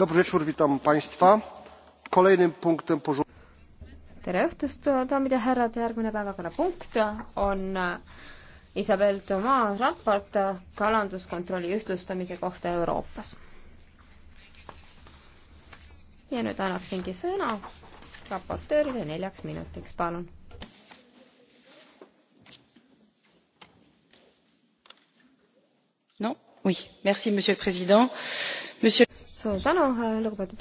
tere õhtust, daamid ja härrad, järgmine päevakorrapunkt on äh, Isabel Toma raport äh, kalanduskontrolli ühtlustamise kohta Euroopas. ja nüüd annaksingi sõna raportöörile neljaks minutiks, palun no,. Oui, merci, monsieur le président. Monsieur suur tänu, lugupeetud juhataja.